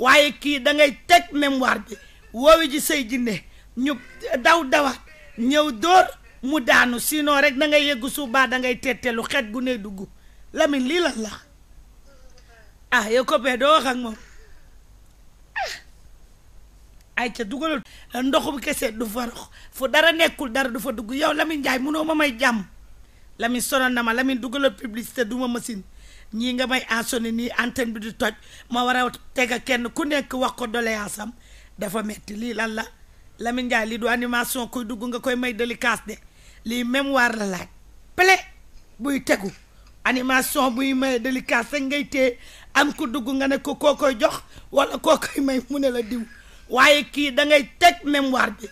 waye ki da ngay tek mémoire bi wowi ji sey jinné ñu daw dawa ñew dor mu daanu sino rek da ngay yeggu suuf baa da ngay tettelu xet gu ne duggu lamin li lan la ah yow be doo wax ak mom ay ah, ca dugalal ndoxum kesse du fa fu dara nekkul dara du fa duggu yow lamin njaay mëno ma may jam lamin sonal na ma lamin dugalal publicité duma machine ñii nga may assoné nii antenne bi du toj ma war a teg kenn ku nekk wax ko doléance am dafa metti lii lan la Lamine Ndiaye lii du animation kuy dugg nga koy may délicace de lii mémoire la laaj ple buy tegu animation buy may délicace rek ngay téye am ku dugg nga ne ko koo koy jox wala koo koy may mu ne la diw waaye kii da ngay teg mémoire bi